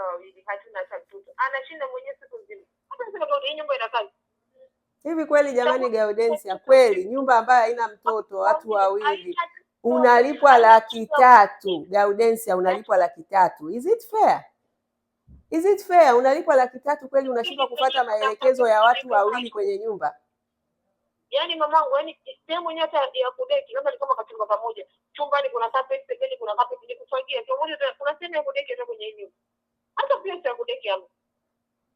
miaka wawili, hatuna hata mtoto, anashinda mwenyewe siku nzima. Hii nyumba inakaa hivi kweli? Jamani Gaudensia, kweli nyumba ambayo haina mtoto, watu wawili, unalipwa laki tatu. Gaudensia, unalipwa laki tatu. Is it fair? Is it fair? Unalipwa laki tatu kweli, unashindwa kufuata maelekezo ya watu wawili kwenye nyumba. Yaani mamangu, yaani sehemu yenyewe hata ya kudeki labda kama kachumba pamoja, chumbani kuna kapeti pembeni kuna kapeti ni kufagia, ndio kuna sehemu ya kudeki hata kwenye hii nyumba hata pia sitakudekea mtu.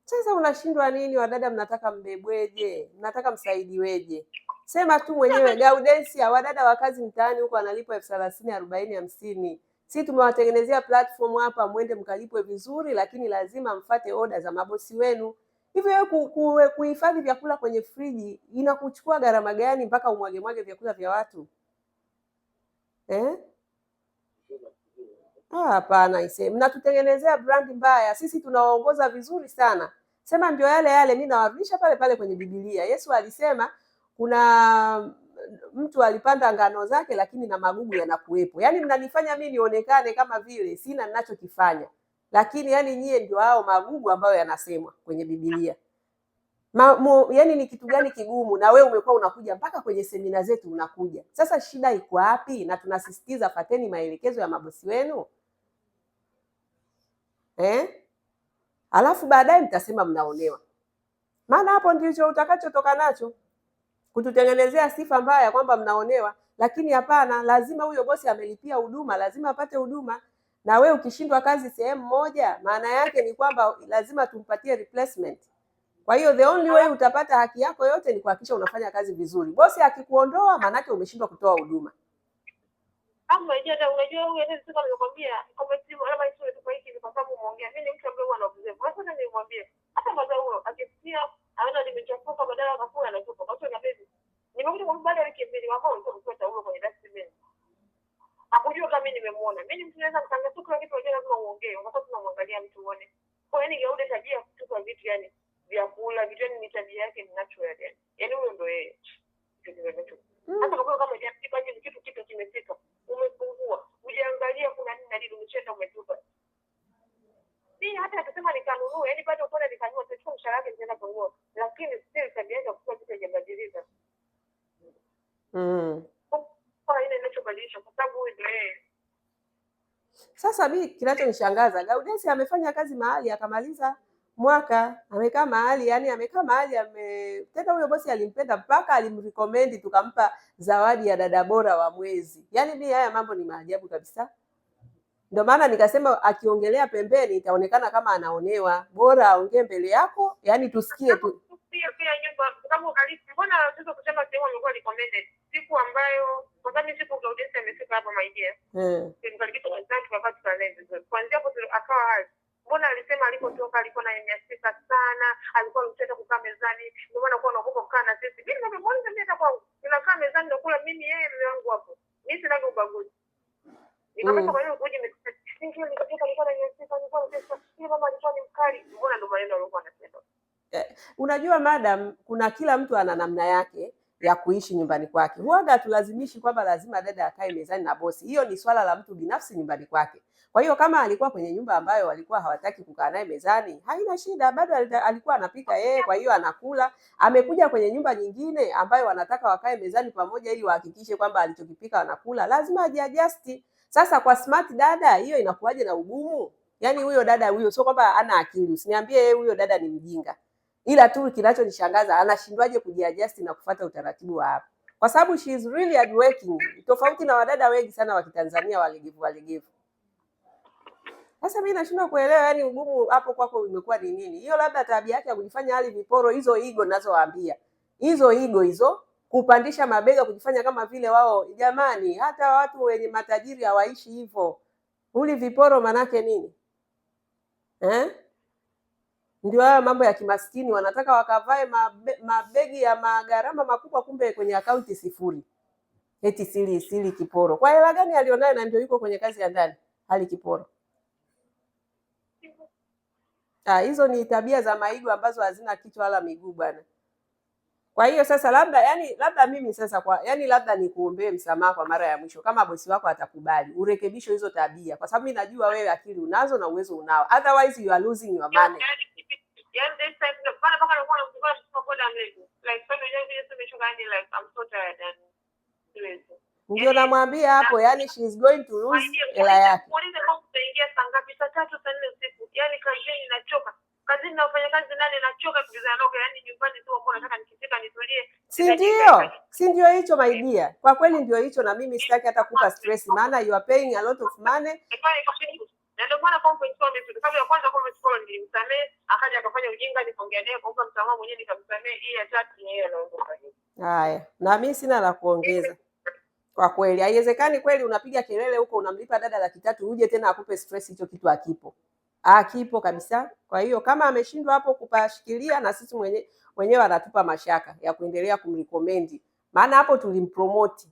Sasa unashindwa nini? Wadada mnataka mbebweje? Mnataka msaidiweje? Sema tu mwenyewe Gaudensia, wadada wa kazi mtaani huko wanalipwa elfu thelathini arobaini hamsini. Si tumewatengenezea platform hapa, mwende mkalipwe vizuri, lakini lazima mfate oda za mabosi wenu. Hivyo wewe kuhifadhi vyakula kwenye friji inakuchukua gharama gani mpaka umwagemwage vyakula vya watu eh? Ah, hapana ise, mnatutengenezea brandi mbaya. Sisi tunawaongoza vizuri sana, sema ndio yale yale. Mi nawarudisha pale pale kwenye Biblia. Yesu alisema kuna mtu alipanda ngano zake, lakini na magugu yanakuwepo. Yaani mnanifanya mi nionekane kama vile sina ninachokifanya, lakini yani nyie ndio hao magugu ambayo yanasemwa kwenye Biblia. Ma, yani ni kitu gani kigumu? Na we umekuwa unakuja mpaka kwenye semina zetu unakuja. Sasa shida iko wapi? Na tunasisitiza pateni maelekezo ya mabosi wenu eh? Alafu baadaye mtasema mnaonewa, maana hapo ndicho utakachotoka nacho kututengenezea sifa mbaya kwamba mnaonewa. Lakini hapana, lazima huyo bosi amelipia huduma, lazima apate huduma. Na we ukishindwa kazi sehemu moja, maana yake ni kwamba lazima tumpatie replacement. Kwa hiyo the only way utapata haki yako yote ni kuhakikisha unafanya kazi vizuri. Bosi akikuondoa, yake umeshindwa kutoa huduma. Ama jana unajua huyu hata sasa nimekwambia kwamba si alama hizo tu kwa hiki kwa sababu muongea. Mimi ni mtu ambaye huwa anaongea. Kwa sababu nimwambie hata mwanzo huo akisikia anaona nimechafuka badala ya kafua anachoka. Kwa sababu baby nimekuja kwa baada ya wiki mbili mama ndio mkweta huo kwenye dustbin. Hakujua kama mimi nimemuona. Mimi mtu naweza kutangaza tu kila kitu lazima uongee. Kwa sababu tunamwangalia mtu uone. Kwa hiyo nigeude tabia kutupa vitu yani vyakula vitu yani ni tabia yake ni natural yani. Yaani huyo ndio yeye. Mm. Hata kama kama kitu kitu kimefika umepungua, ujaangalia kuna nini na nini, umechenda umetupa. Yaani si hata atasema nikanunue, yani bado kuna nikanunua, tutachukua mshahara wake nitaenda kununua, lakini still tabia yake kwa kitu haijabadilika. Mm. Kwa ile inachobadilisha kwa sababu wewe ndio sasa mi kinachonishangaza Gaudesi amefanya kazi mahali akamaliza mwaka amekaa mahali yani, amekaa mahali ame tena, huyo bosi alimpenda mpaka alimrekomendi, tukampa zawadi ya dada bora wa mwezi. Yani mi haya mambo ni maajabu kabisa, ndio maana nikasema akiongelea pembeni itaonekana kama anaonewa, bora aongee mbele yako, yani tusikie tu ambayo kwa sababu siku amefika hapa Mm. Eh, unajua madam, kuna kila mtu ana namna yake ya kuishi nyumbani kwake. Huaga hatulazimishi kwamba lazima dada akae mezani na bosi. Hiyo ni swala la mtu binafsi nyumbani kwake. Kwa hiyo kama alikuwa kwenye nyumba ambayo walikuwa hawataki kukaa naye mezani, haina shida, bado alikuwa anapika yeye, kwa hiyo anakula. Amekuja kwenye nyumba nyingine ambayo wanataka wakae mezani pamoja, ili wahakikishe kwamba alichokipika wanakula, lazima ajiadjust. Sasa kwa smart dada hiyo inakuwaje na ugumu? Yaani huyo dada huyo sio kwamba ana akili, usiniambie yeye huyo dada ni mjinga, ila tu kinachonishangaza anashindwaje kujiadjust na kufata utaratibu wa hapa, kwa sababu she is really hard working, tofauti na wadada wengi sana wa Kitanzania walegevu walegevu. Sasa mimi nashindwa kuelewa, yani ugumu hapo kwako umekuwa ni nini? Hiyo labda tabia yake ya kujifanya hali viporo, hizo igo nazowaambia, hizo igo hizo kupandisha mabega, kujifanya kama vile wao. Jamani, hata watu wenye matajiri hawaishi hivyo. uli viporo manake nini eh? Ndio haya mambo ya kimaskini, wanataka wakavae mabe, mabegi ya magharama makubwa, kumbe kwenye akaunti sifuri. Eti sili sili kiporo kwa hela gani alionayo? Na ndio yuko kwenye kazi ya ndani hali kiporo. Ah, hizo ni tabia za maigo ambazo hazina kichwa wala miguu bwana. Kwa hiyo sasa labda yani, labda mimi sasa kwa yani, labda nikuombee msamaha kwa mara ya mwisho, kama bosi wako atakubali urekebisho hizo tabia, kwa sababu mimi najua wewe akili unazo na uwezo unao, otherwise you are losing your money. Ndio yaani, namwambia hapo, yani she is going to lose hela yake kazini na wafanyakazi nane, nachoka kucheza nao, yani nyumbani tu wako nataka nikifika nitulie. Si yaani ndio? Si ndio hicho my dear? Kwa kweli ndio hicho, na mimi sitaki hata kupa stress, maana you are paying a lot of money. Na ndio maana kwa mfano mimi kabla ya kwanza kwa msikola nilimsamee, akaja akafanya ujinga, nikaongea naye kwa sababu msamaha mwenyewe, nikamsamee. Hii ya ni yeye anaondoka Haya, na mimi sina la kuongeza. Kwa kweli haiwezekani kweli, unapiga kelele huko, unamlipa dada laki tatu, uje tena akupe stress, hicho kitu hakipo akipo ah, kabisa. Kwa hiyo kama ameshindwa hapo kupashikilia, na sisi mwenye, wenyewe anatupa mashaka ya kuendelea kumrekomendi, maana hapo tulimpromoti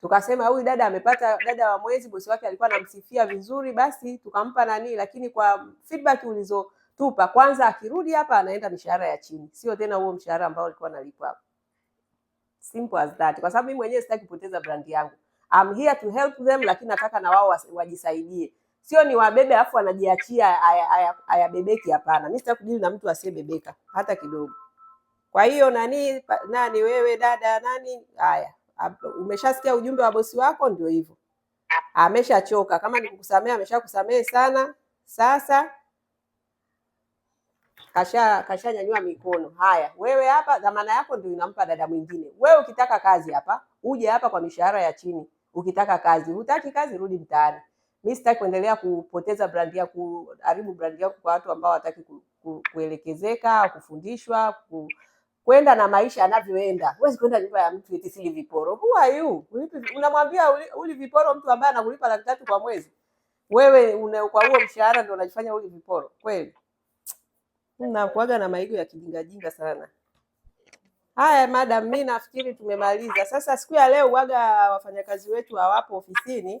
tukasema huyu dada amepata dada wa mwezi, bosi wake alikuwa anamsifia vizuri, basi tukampa nani. Lakini kwa feedback ulizotupa, kwanza akirudi hapa anaenda mishahara ya chini, sio tena huo mshahara ambao alikuwa analipwa hapo. Simple as that, kwa sababu mimi mwenyewe sitaki kupoteza brand yangu. I'm here to help them, lakini nataka na wao wajisaidie sio ni wabebe alafu wanajiachia ayabebeki. Hapana, mi sitaki kudili na mtu asiyebebeka hata kidogo. Kwa hiyo nani nani, wewe dada nani, haya umeshasikia ujumbe wa bosi wako, ndio hivyo, ameshachoka. Kama ni amesha ameshakusamee sana. Sasa kasha kashanyanyua mikono. Haya, wewe hapa dhamana yako ndio inampa dada mwingine. Wewe ukitaka kazi hapa, uje hapa kwa mishahara ya chini. Ukitaka kazi, hutaki kazi, rudi mtaani mi sitaki kuendelea kupoteza brandi ya kuharibu brandi yako kwa watu ambao hawataki ku, ku, kuelekezeka, kufundishwa, ku, kwenda na maisha yanavyoenda. Huwezi kwenda nyumba ya mtu eti sili viporo. Who are you? Unamwambia uli, uli viporo mtu ambaye anakulipa laki tatu kwa mwezi, wewe una, kwa huo mshahara ndio unajifanya uli viporo kweli? Nakuaga na maigo ya kijingajinga sana. Haya madam, mi nafikiri tumemaliza sasa. Siku ya leo waga wafanyakazi wetu hawapo ofisini.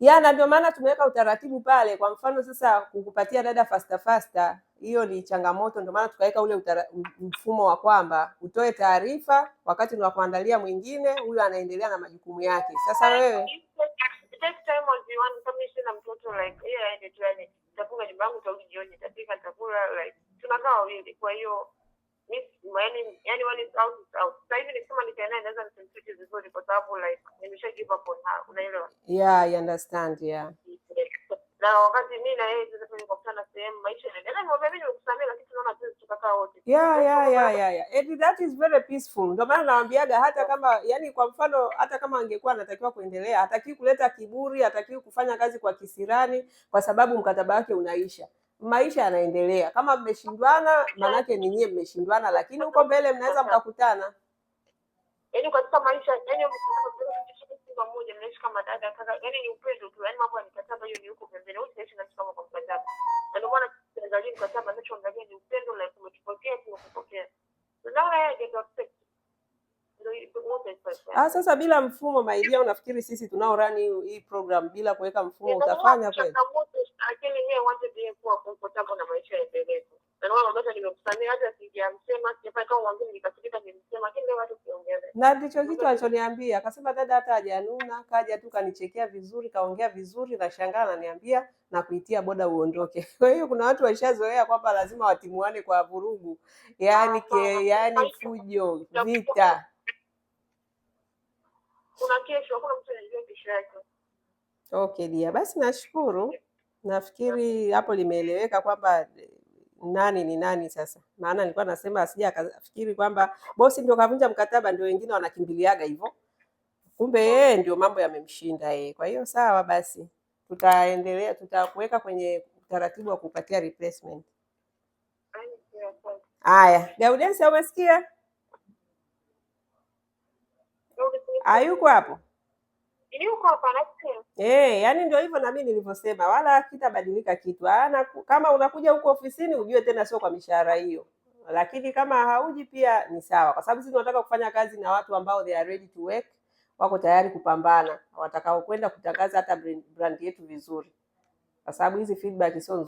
yana, ndio maana tumeweka utaratibu pale. Kwa mfano sasa kukupatia dada fasta fasta, hiyo ni changamoto, ndio maana tukaweka ule utara, mfumo wa kwamba utoe taarifa wakati ni wa kuandalia mwingine, huyo anaendelea na majukumu yake. Sasa wewe tunakaa wawili, kwa hiyo yani yani wani au sasa hivi nikisema nikae naye nisimtreat vizuri kwa sababu like nimesha give up on her, unaelewa? Yeah, I understand, yeah. Na wakati mimi na yeye sasa tulikutana sehemu maisha yanaendelea, nimwambia yaani, mimi nimekusamea lakini tunaona tu tutakaa wote. Yeah, yeah, yeah, yeah, yeah. And that is very peaceful. Ndio maana naambiaga hata kama yani kwa mfano hata kama angekuwa anatakiwa kuendelea, hatakiwi kuleta kiburi, hatakiwi kufanya kazi kwa kisirani kwa sababu mkataba wake unaisha maisha yanaendelea. Kama mmeshindwana, maanake ni nyie mmeshindwana, lakini huko mbele mnaweza mkakutana. Yaani katika maisha, yaani pamoja mnaishi kama dada kaka, yaani ni upendo tu, yaani mambo ya yanikataba, hiyo ni huko pembeni, wote naishi nasi kama kwa mkataba. Na ndio maana tunaangalia mkataba, nachoangalia ni upendo, like tu kupokea, Unaona yeye ndio Ah, sasa bila mfumo maidia, unafikiri sisi tunao run hii program bila kuweka mfumo utafanya kweli? Na ndicho kitu alichoniambia akasema, dada hata hajanuna, kaja tu kanichekea vizuri, kaongea vizuri, nashangaa ananiambia na kuitia boda uondoke. Kwa hiyo kuna watu waishazoea kwamba lazima watimuane kwa vurugu, yaani yaani fujo, vita kuna kesho, hakuna mtu anajua kesho yake. Okay dia, basi nashukuru. Nafikiri hapo limeeleweka kwamba eh, nani ni nani sasa, maana nilikuwa nasema asija akafikiri kwamba bosi ndio kavunja mkataba, ndio wengine wanakimbiliaga hivyo, kumbe yeye ndio mambo yamemshinda yeye. Kwa hiyo sawa, basi tutaendelea, tutakuweka kwenye utaratibu wa kupatia replacement. Haya, Gaudensi, umesikia? yuko hapo eh, yani ndio hivyo, na mimi nilivyosema, wala kitabadilika kitu. Ana kama unakuja huko ofisini ujue tena sio kwa mishahara hiyo, lakini kama hauji pia ni sawa, kwa sababu sisi tunataka kufanya kazi na watu ambao they are ready to work, wako tayari kupambana, watakao kwenda kutangaza hata brand yetu vizuri, kwa sababu hizi feedback sio